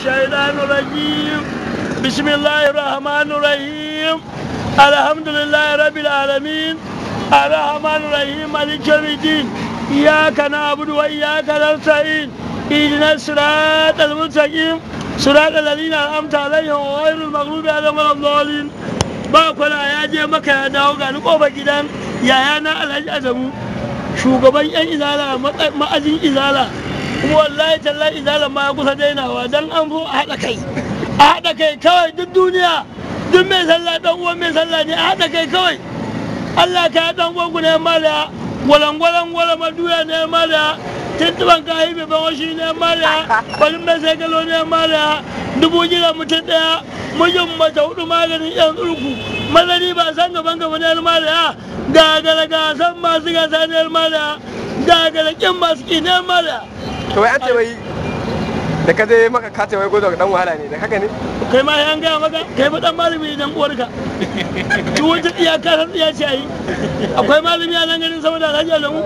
الشيطان الرجيم بسم الله الرحمن الرحيم الحمد لله رب العالمين الرحمن الرحيم مالك يوم الدين إياك نعبد وإياك نستعين اهدنا الصراط المستقيم صراط الذين أنعمت عليهم غير المغلوب عليهم ولا الضالين ba kwana ya je maka ya dawo ga ni kofar gidan yayana alhaji adamu shugaban yan izala ma'azin izala kuma wallahi tallahi zalan ma ya kusa dainawa dan an zo a haɗa kai a haɗa kai kawai duk duniya duk mai sallah dan uwan mai sallah ne a haɗa kai kawai Allah ka ya dan uwan ne mala gwalangwalan gwala maduya ne mala tuntuban ka haife ban washi ne mala wani mai sai galo ne mala dubu gida mutum ɗaya mijin mata hudu maganin yan tsurku mazani ba san gaban gaba ne mala ga gala gasan masu gasa ne mala ga gala kin masu ki ne mala to wai an ce wai da ka je maka ka ce wai godo dan wahala ne da haka ne kai ma yan gaya maka kai ma dan malami dan uwarka duk wata iyaka san iya ce ai akwai malami a nan garin saboda Alhaji alamu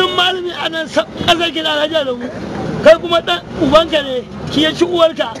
duk malami a nan kasar kina Alhaji alamu kai kuma dan ubanka ne ki ya ci uwarka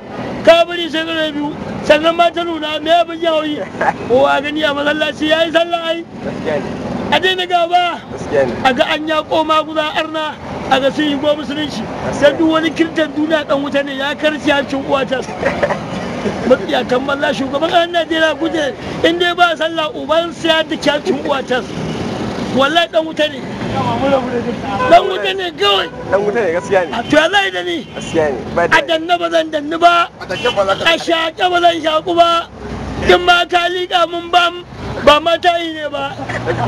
ka bari shekara biyu sannan ma ta nuna me abin yi hauyi kowa gani a masallaci ya yi sallah ai a na gaba a ga an ya koma guda arna a ga sun yi go musulunci sai duk wani kirtan duniya dan wuta ne ya karci harcin uwatas matsiyatan balla shugaban an na guje in dai ba sallah uban sai ya da kyacin uwatas wallahi dan wuta ne dan wuta ne kawai dan wuta ne gaskiya ne to wallahi da ni gaskiya ne a na ba zan ni ba a shaƙe ba zan shaƙu ba din ma ka liƙa mun ba ba ma ta yi ne ba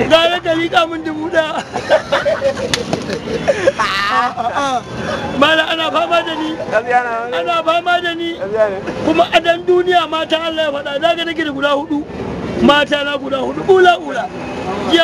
gara ka liƙa mun dubu da mala ana fama da ni ana fama da ni kuma a dan duniya mata Allah ya faɗa za ka nake da guda hudu mata na guda hudu ula ula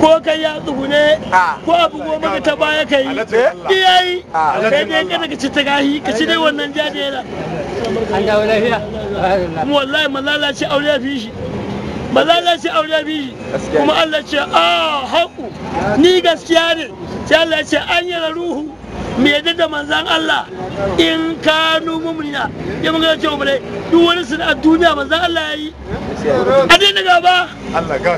ko kai ya tsugune ah. ko a bugo maka ta baya ka yi iyayi kai ah. dai kada ka ci ta gahi ka ci dai wannan jaje yana an dawo lafiya mu wallahi malala ce aure fi shi malala ce aure fi shi kuma Allah ce a ah, haƙu ni gaskiya ne sai Allah ce an yana ruhu mai yadda da manzan Allah in ka numu murna ya mun cewa bale duk wani a duniya manzan Allah ya yi a dai na gaba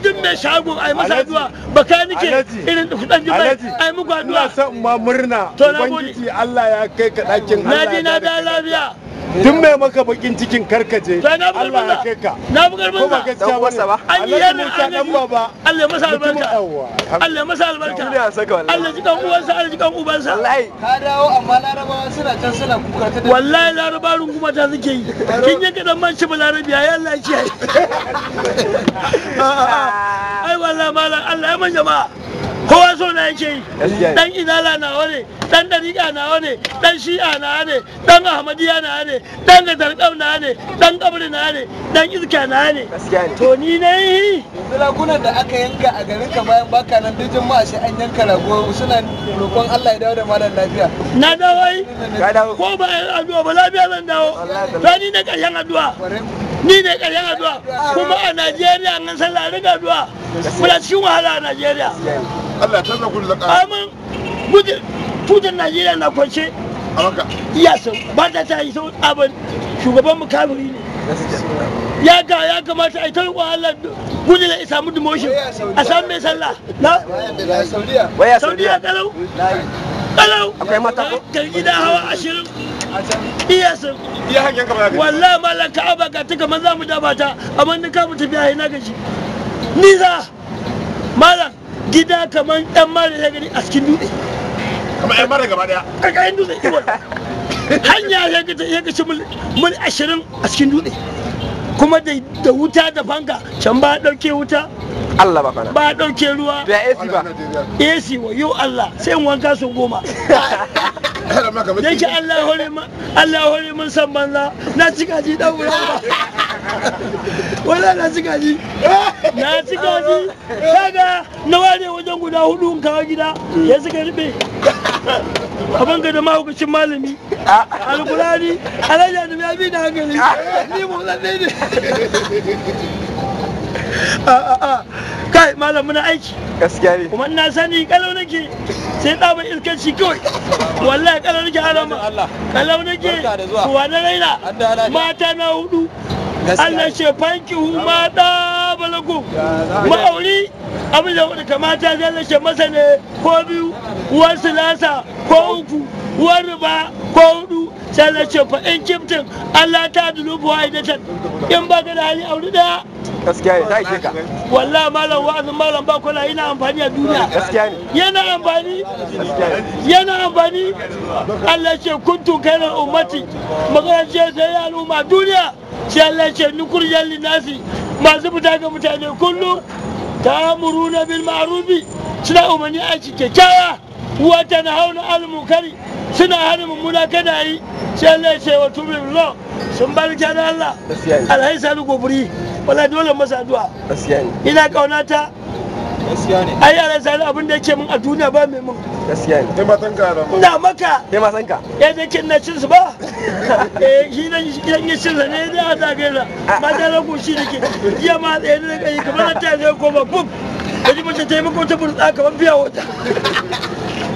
duk mai shago ai masa addu'a baka nike irin kudan jibai ai muku addu'a ina son ma murna ubangiji Allah ya kai ka dakin Allah na je na da lafiya duk mai maka bakin cikin karkaje Allah ya kai ka na bugar banza kuma gaskiya wasa ba an yi yana an dan baba Allah masa albarka Allah masa albarka Allah ji kan sa Allah ji kan sa wallahi ka dawo amma larabawa suna can suna kuka ta wallahi larabawa runguma ta suke yi kin yi kadan man shi larabiya ya Allah ya ci ai wallahi mallam Allah ya man jama'a kowa so na yake yi dan izala nawa ne dan dariƙa nawa ne dan shi'a nawa ne dan ahmadiyya nawa ne dan gadarƙau nawa ne dan kabri nawa ne dan iska nawa ne to ni na yi ragunan da aka yanka a garin ka bayan baka nan duk jama'a shi an yanka rago suna roƙon Allah ya dawo da malam lafiya na dawo yi? ko ba addu'a ba lafiya zan dawo to ni na ƙarshen addu'a ni ne ƙarshen addu'a kuma a najeriya an sallah riga addu'a muna cikin wahala a najeriya allah ta zaku da amin tutar najeriya na kwance ya sau ba ta ta yi sau abin shugaban mu kafiri ne ya ga ya kamata a yi ta riƙon allah gudu da samu demotion a samu mai sallah na saudiya kalau kalau akwai mata ko gargi da hawa ashirin iya sun iya hangen ka ba wallahi mallan ka ga ta kamar za mu dafa ta amma ni ka mu tafiya ina gaji ni za mallan gida kaman dan mara ya gani a cikin dutse kamar yan mara gaba daya karkarin dutse hanya ya ga ya ga mil 20 a cikin dutse kuma da wuta da fanka can ba dauke wuta Allah ba kana ba dauke ruwa da AC ba AC wa yo Allah sai in wanka su goma ba kamar yake Allah hore ma Allah hore mun san banza na cika ji dan wura wala na cika ji na cika ji kaga na ware wajen guda hudu in kawo gida ya suka rube abin ga da mahaukacin malami alkurani alhaji adam ya bi da hankali ni mu lalle ne kai malam muna aiki gaskiya ne kuma na sani kalau nake sai ta tsaba iskar shi kawai wallahi kalau nake alama kalau nake kuwa na raina mata na hudu Allah ce fanki ma da balagu ma'auri abin da wadda mata zai lashe masa ne ko biyu uwar silasa ko uku uwar riba ko hudu sai ce fa in kimtin Allah ta dulu buwa idatan in ba ka da hali auri daya gaskiya ne sai ka wallahi malam wa'azin malam ba kula ina amfani a duniya gaskiya ne yana amfani yana amfani Allah ce kuntu kana ummati magana ce sai al'umma duniya sai Allah ce nukur jalli nasi masu fita ga mutane kullum ta muruna bil ma'rufi suna umarni a kyakkyawa wata na hauna almukari suna hana mummuna kada yi sai Allah ya ce wa tubi lo sun bar kyan Allah alhai sani gobiri wala dole masa addu'a ina kaunata ai ala sani abin da yake mun a duniya ba mai mun gaskiya ne kai ma san ka ina maka kai ma san ka da kin na cin su ba eh shi ne yi ya cin ne da ah, ah. ta da, ma da rago shi ke, ya ma tsaye da kai kamar ta ne ko ba bub da mace taimako ta burtsa kamar biya wata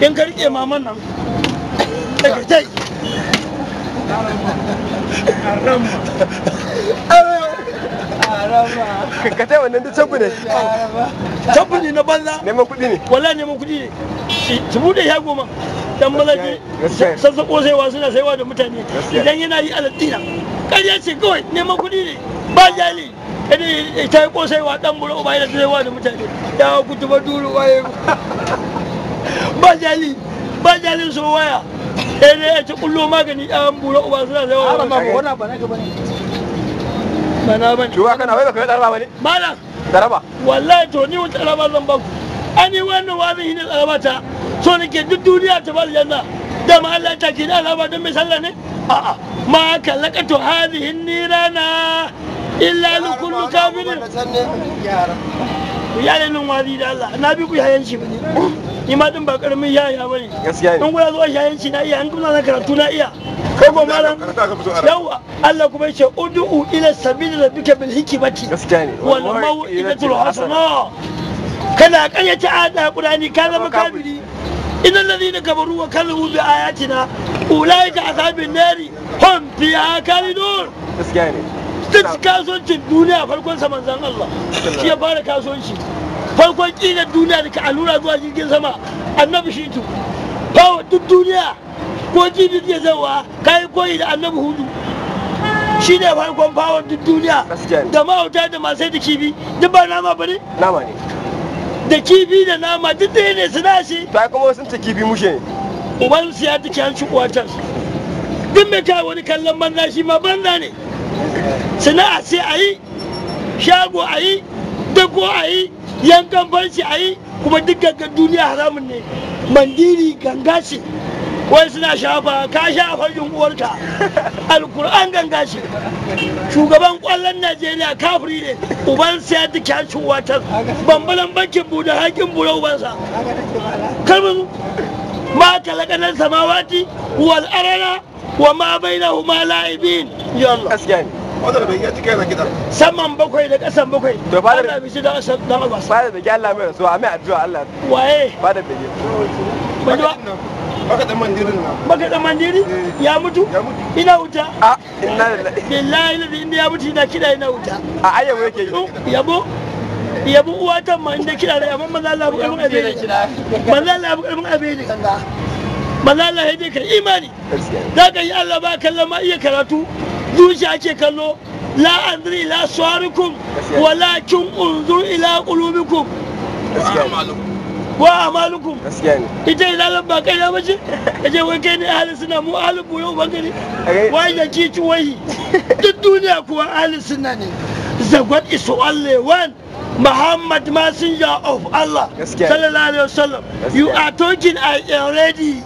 in ka rike maman nan daga jai ka tai wannan duk cabu ne cabu ne na banza neman kuɗi ne wala neman kuɗi ne ki bude ya goma dan malaji sassaƙo saiwa suna saiwa da mutane idan yana yi aladdina ƙarya ce kawai neman kuɗi ne ba jali kada ta yi Kosewa dan buru ba yana saiwa da mutane ya kutuba duru waye bajali bajalin so waya sai dai ya ci kullo magani bura uba suna zai ba ka ba na bane shuwa kana wai baka yi tsaraba bane malam wallahi to ni wani tsaraba zan ba ku an yi wannan wani shi ne ta so nake duk duniya ta bar janna da ma Allah ta ni alama don mai sallah ne a'a ma kallakatu hadhihi nirana illa li kullu kafirin ya lenin wani da Allah na bi ku yayan shi ne. ni ma din ba karamin yaya bane gaskiya in kuna zuwa yayanci na iya in kuna zan karatu na iya kai ko malam yau Allah kuma ce ud'u ila sabili rabbika bil hikmati gaskiya ne wal mau'izatul hasana kana karyata ada qur'ani ka zama kafiri إن الذين كفروا وكذبوا بآياتنا أولئك أصحاب النار هم فيها duniya farkon سنة الدنيا فالكون سمن الله شيء بارك سنة farkon ƙinar duniya ka allura zuwa jirgin sama annabi shi tu duk duniya ko jirgin ke zauwa kayi koyi da annabi hudu shi ne farkon fawon duk duniya da mawauta da masu da kibi duk ba nama ba ne? nama ne da kibi da nama duk da ne su nashi ta kuma sun ta kibi mushe ne uban su ya take hanci kwatar duk mai kai wani kallon banza shi ma banza ne sana'a sai a yi shago a yi dako a yi yankan banshi a yi kuma duk gangan duniya haramun ne mandiri ganga ce wai suna shafa ka shafa yin uwarka alkur'an ganga ce shugaban kwallon najeriya kafiri ne uban siya duk ya watar bambalan bankin buɗe hakin buɗe ubansa kalmin ma kalakanar samawati wal arana wa ma huma la'ibin yallah wadda bai ya cike na gidan saman bakwai da kasan bakwai to ba da bishi dan asan albasa ba da bege Allah mai rasuwa mai addu'a Allah waye ba da bege ban ba baka da mandirin nan baka da mandiri eh. ya mutu ina wuta a inna lillahi billahi ladhi inda ya mutu ina kida ina wuta a ayyau yake oh, yabo yabo uwa ta ma inda kida da yabon manzo Allah bukar mun abele manzo Allah bukar mun abele manzo Allah ya dai ka imani zaka yi Allah ba kallon ma iya karatu zuciya ake kallo la andri la Wala walakin unzu ila qulubikum wa amalukum ita ina lan ba ya na a ce wai kai ne ahalin suna mu ahalin buyo bangare wai da kici wai duk duniya kuwa ahalin suna ne zagwat is only one Muhammad messenger of Allah sallallahu alaihi wasallam you are talking I already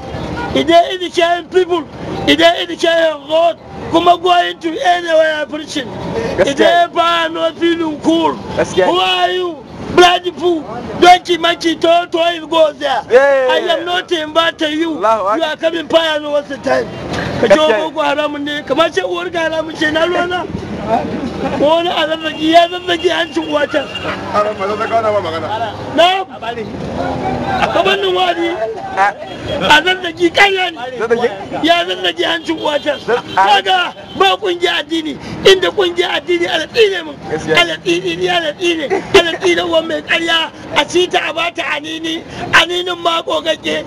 idan idan people idan idan God kuma going to anywhere I'm preaching. If ever no feeling cool, who are you? Bloody fool, don't you make it all to him go there. Yeah, I am not inviting you. Allah, you are coming by and what's the time? Ka ce Boko Haram ce Haram na wani a zazzaki ya an hancin wacan na a kabanin wani a zazzaki karya ne ya an hancin wacan daga ba kungiya addini inda kungiya addini alatsi ne mun alatsi ne alatsi ne alatsi ne mai karya a cita a bata anini aninin ma kogage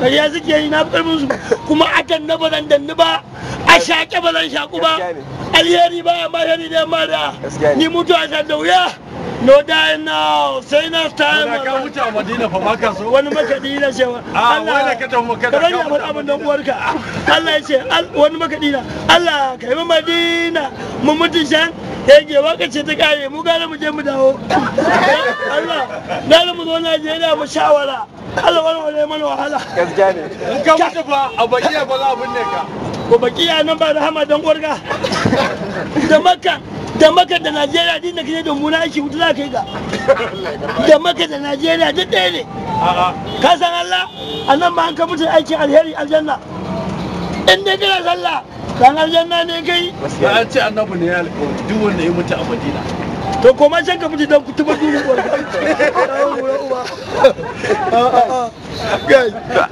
ƙarya suke yi na fi musu kuma a danna ba zan danni ba a shaƙe ba zan shaƙu ba alheri ba ya ma shari da ni mutu a san da wuya no dying now say time na ka huta madina fa ma ka so wani makadi na ce ah, Allah wai ka tafi makka ka rage mun abin dan uwarka Allah ya ce wani makadi na Allah ka yi madina mu mutun shan yage eh, waka ce ta kare mu gane mu je mu dawo eh, Allah gane mu zo Najeriya mu shawara Allah wani wani mana wahala gaskiya ne ka mutu fa a bakiya ba za a binne ka ko bakiya nan ba da hama uwarka da makka da maka da najeriya din da kaje da muna aiki hutu za ka yi ga da maka da najeriya duk ɗaya ne ka san allah a nan ma an ka mutu aikin alheri aljanna in dai kana sallah dan aljanna ne kai ba an ce annabi ne ya alƙawari duk wanda ya mutu a madina to ko can ka fiti don kutuba durin uwar ka uwar ka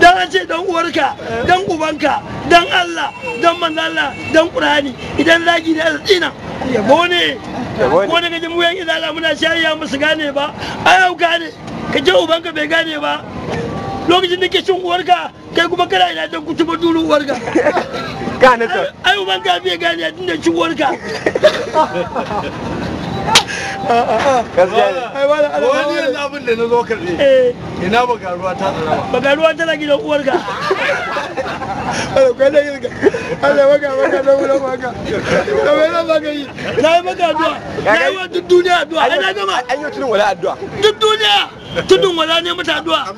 dan ce dan uwarka dan ubanka dan Allah dan manzala dan Qur'ani idan zagi da azina yabo ne ko yan idan Allah muna shari'a musu gane ba ayau gane ka je ubanka bai gane ba lokacin da ke cin uwarka kai kuma kana ina don kutu ba duru uwarka ka na to ai uban ka bai gane a tunda cin uwarka wani yanzu abin da na zo karbe ina bagaruwa ta tsara ba ta tana gidan uwarka alakwai da yirga ala maka maka da wula maka da mai zan maka yi na yi maka addu'a na yi wa duk duniya addu'a ai na gama an yi tunin wala addu'a duk duniya tudun wala ne mata addu'a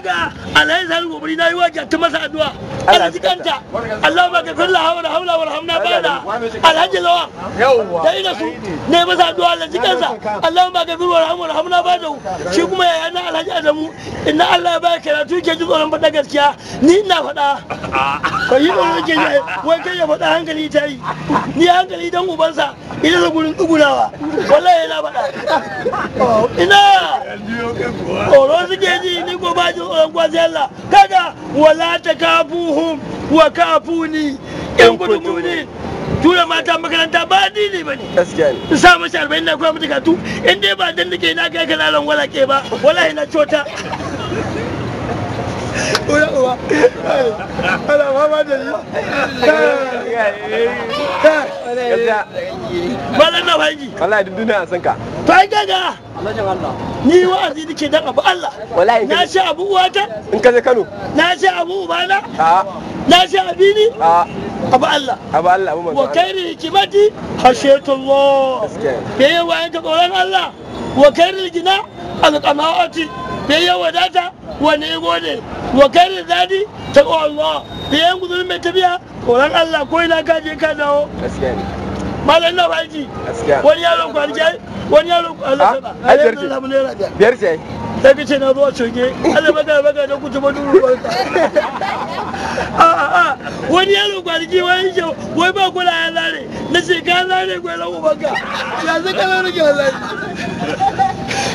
kaga ta masa addu'a ala Allah ba ka kulla hawla hawla bala alhaji lawa dai da su ne masa addu'a ala jikansa Allah ba ka kulla hawla bala shi kuma yaya na alhaji Adamu inna Allah ba ka karatu ke ji tsoron gaskiya ni ina ka yi tsoron ke ji wai kai ya hankali ta yi ni hankali dan ubansa ina da gurin wallahi ina tsoro suke ni ko kada wala ta kafuhum wa kafuni in kudu tura mata makaranta ba dini ba ne sa mace arba'in na kuma mata katu in dai ba dan nake na kai ba na cota uwa, da ni. Malam na Wallahi duniya san ka. to ga gaga ni wa'azi nake dan abu Allah na ce abu uwata in ka je Kano na ce abu ubana na ce abini abu Allah abu Allah abu manzo wa kairi kibati hashetullah be yawa yanka tsoron Allah wa kairi gina alqanaati be yawa data wa ne gode wa kairi zadi ta Allah be yan gudun mai tafiya tsoron Allah ko ina ka je ka dawo gaskiya malam na faji wani yaron kwanke wani yaron kwanke a yanzu da naira biyar biyar ce ta fi ce na zuwa coge ala baka baka da kuce ba duru barka wani yaron kwanke wani ce wai ba kula ya lare na ce ka lare gwai lagu baka yanzu ka lare gwai lare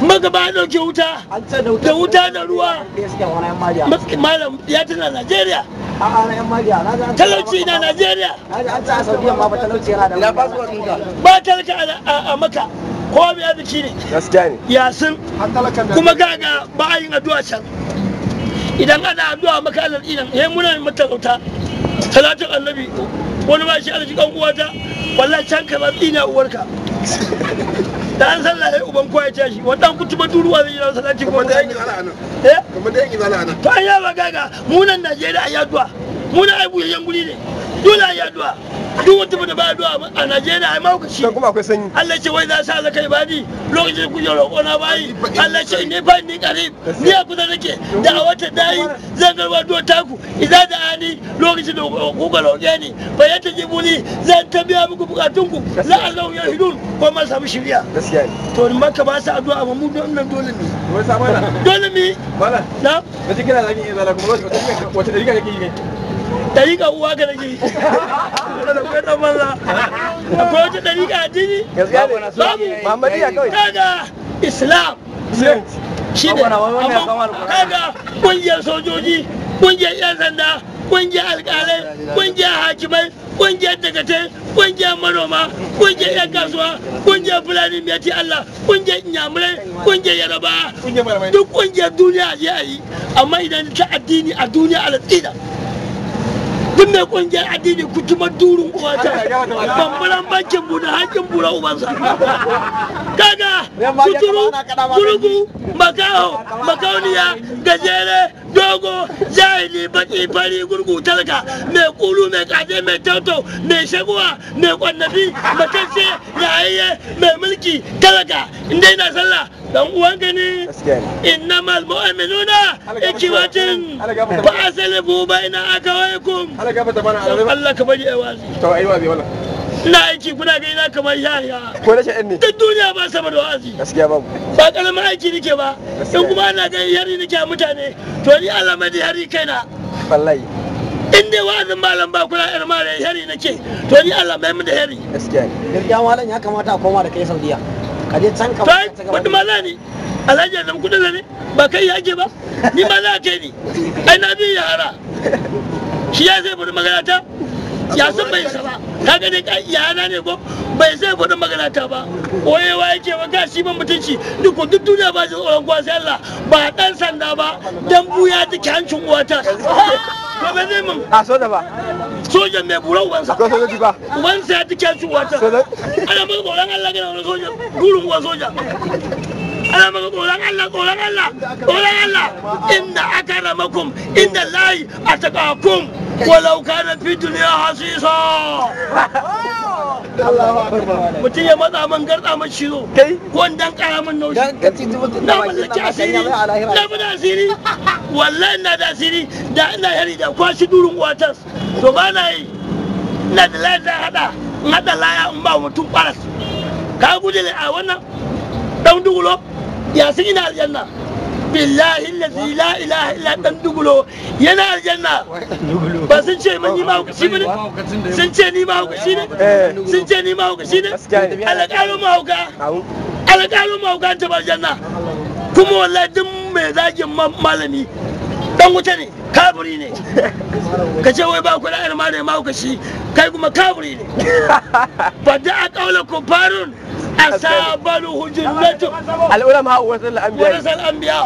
magaba dauke wuta da wuta da ruwa malam ya tana najeriya talauci na najeriya ba talauci a maka ko biya biki ne Ya sun kuma gaga ba a yin addu'a can idan ana addu'a maka alal inan yayin eh, muna matalauta talatin annabi wani ba shi arziki kan uwata wallahi can kamar ina uwarka da an sallah sai uban koya ce shi wanda ku tuba turuwa zai yi na salati kuma da kuma da yanki zala eh? to an yaba gaga munan Najeriya a yaduwa muna na ai buyayyen guri ne dole ya addu'a duk wata da ba addu'a a Najeriya a mahaukaci dan kuma akwai sanyi Allah ce wai za sa zaka bani lokacin da ona bai Allah ce ne ba ni karib ni a kusa nake da a dai zan garba addu'a taku idan da ani lokacin da ku ga ni bayan ta jibuli zan tabiya muku bukatunku la Allah ya hidun ko ma samu to ni maka ba sa addu'a amma mu don nan dole ne dole na kaje kira zaki iya zala kuma wata dariƙa uwa ga nake yi akwai ɗan banza akwai wata dariƙa addini babu muhammadiya kawai kaga islam shi ne kaga ƙungiyar sojoji ƙungiyar 'yan sanda ƙungiyar alƙalai ƙungiyar hakimai ƙungiyar dagatai ƙungiyar manoma ƙungiyar 'yan kasuwa ƙungiyar fulani mai Allah ƙungiyar inyamurai ƙungiyar yaraba duk ƙungiyar duniya a yi amma idan ta addini a duniya a duk mai kungiyar addini ku ci madurin uwata bambaran bankin mu da hakkin bura ubansa kaga suturu gurugu makaho makauniya gajere dogo jahili baki fari gurgu talaka mai kulu mai kaje mai tauto mai shaguwa mai kwannafi matacce yayayye mai mulki talaka in dai na sallah dan uwan ka ne innamal mu'minuna ikiwatin asali bu baina akawaykum Allah ka bari ai wazi to ai wazi wala ina aiki kuna ga ina kamar yaya ko da sha'ani duk duniya ba sama da wazi gaskiya babu ba karamin aiki nake ba in kuma ana ga yari nake a mutane to ni Allah ma da yari kaina wallahi in dai malam ba kula yar mare yari nake to ni Allah mai mu da yari gaskiya gaskiya malam ya kamata a koma da kai Saudiya ka je can ka ta wata ma za ne alhaji ya zama kudin ne ba kai ya ake ba ni maza za a kai ni ai na biyu ya hara shi ya zai bari magana ta ya san bai sa ba ka gane yana ne ko bai zai bari magana ta ba wayewa yake ba ga shi ba mutunci duk ko duk duniya ba shi tsoron kuwa sai Allah ba dan sanda ba dan buya take hancin uwata ko ba zai mun a so da ba sojan mai bura ubansa ko sojoji ba ubansa ya tike shi wata ana maka tsoron Allah kana wani soja burin uban soja ana maka tsoron Allah tsoron Allah tsoron Allah inna akaramakum inda lahi atakakum walau kana fi duniya hasisa oh! mutum ya matsa man garza man shiro ko dan kara man Dan naushi na mallaki asiri na bi da asiri wallahi na da asiri da ina yari da kwashi durin watas to ba na yi na da laya ta hada in hada laya in ba mutum kwaras ka gudu ne a wannan dan dugulo ya sun ina aljanna billahi lazi la ilaha illa dan dugulo yana aljanna ba sun ce man yi mahaukaci ba ne sun ce ni ma mahaukaci ne eh. sun ce ni ma mahaukaci ne alƙalin mahauka alƙalin mahauka ta ba janna? kuma wallahi duk mai zagin malami dan wuce ne kaburi ne ka ce wai ba ku da irma da mauka shi kai kuma kaburi ne ba da a kaula kufarun asabalu hujjatu al'ulama wa rasul anbiya wa rasul anbiya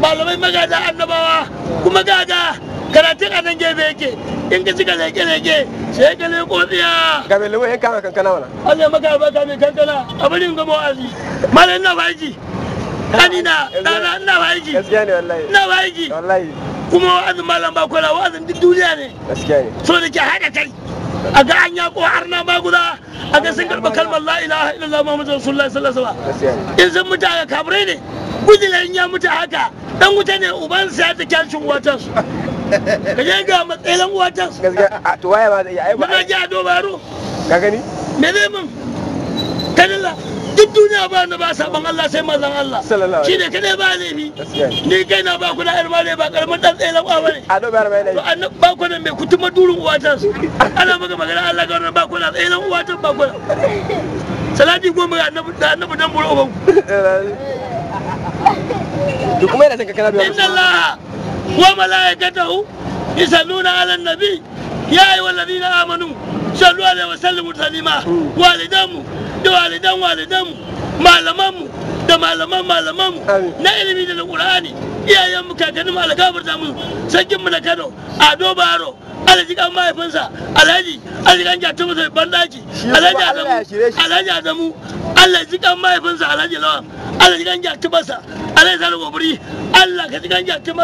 malamai magada annabawa kuma gaga karatun a nan gefe yake in ka shiga leke leke sai ka ne kotsiya ga mai lumo ya kama kankana wala Allah maka baka mai kankana abin gamo azi malamai na faji kanina dana ina aiki gaskiya ne wallahi ina aiki wallahi kuma wa'azin malam ba kola wa'azin duk duniya ne gaskiya ne so da ke kai a ga an yaƙo har na maguza a ga sun karɓi kalmar la ilaha illallah muhammadu rasulullahi sallallahu alaihi wasallam in sun mutu a kafirai ne gudilan ya mutu haka dan wuta ne uban sa ta kyashin watan ka je ga matsayin watan gaskiya to waya ba zai yi ba ji a dobaro ka gani me zai mun kadalla duk duniya ba na ba saban Allah sai manzon Allah shi ne kadai ba laifi ni kai na ba kuna yar mare ba karamin dan tsaye lawa bane a do bar mai laifi ba kuna mai kutuma durun uwatan ana maka magana Allah ga wannan ba kuna tsaye lawa uwatan ba kuna salati goma ga annabi da annabi dan buru uban duk kuma yana san ka kana biyo inna Allah wa malaikatahu yusalluna ala nabi ya ayyuhallazina amanu sallu alaihi wasallam taslima walidanmu da walidan walidanmu malamanmu da malaman malamanmu na ilimi da na qur'ani iyayenmu kakanninmu alkafar da mu sakinmu na kano ado baro alhaji an mahaifinsa alhaji alhaji an jata masa bandaki alhaji adamu alhaji adamu alhaji mahaifinsa alhaji lawan alhaji an jata masa alhaji sani gobiri allah ka ji jata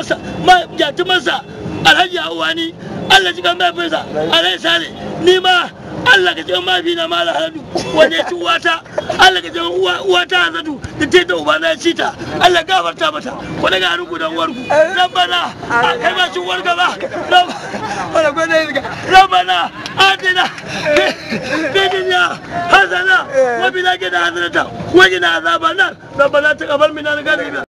masa alhaji awani Allah cikin mahaifinsa alai sare ni ma Allah ka cikin mahaifina ma ala haladu wanda ya ci uwata Allah ka cikin uwata hazadu da ta ta ubana ya ci ta Allah gafarta mata wanda ga hannun gudan warku rabbana a kai ba cin warka ba rabbana atina fi dunya hasana wa bil akhirati hasanata wa qina azaban nar rabbana taqabbal minna innaka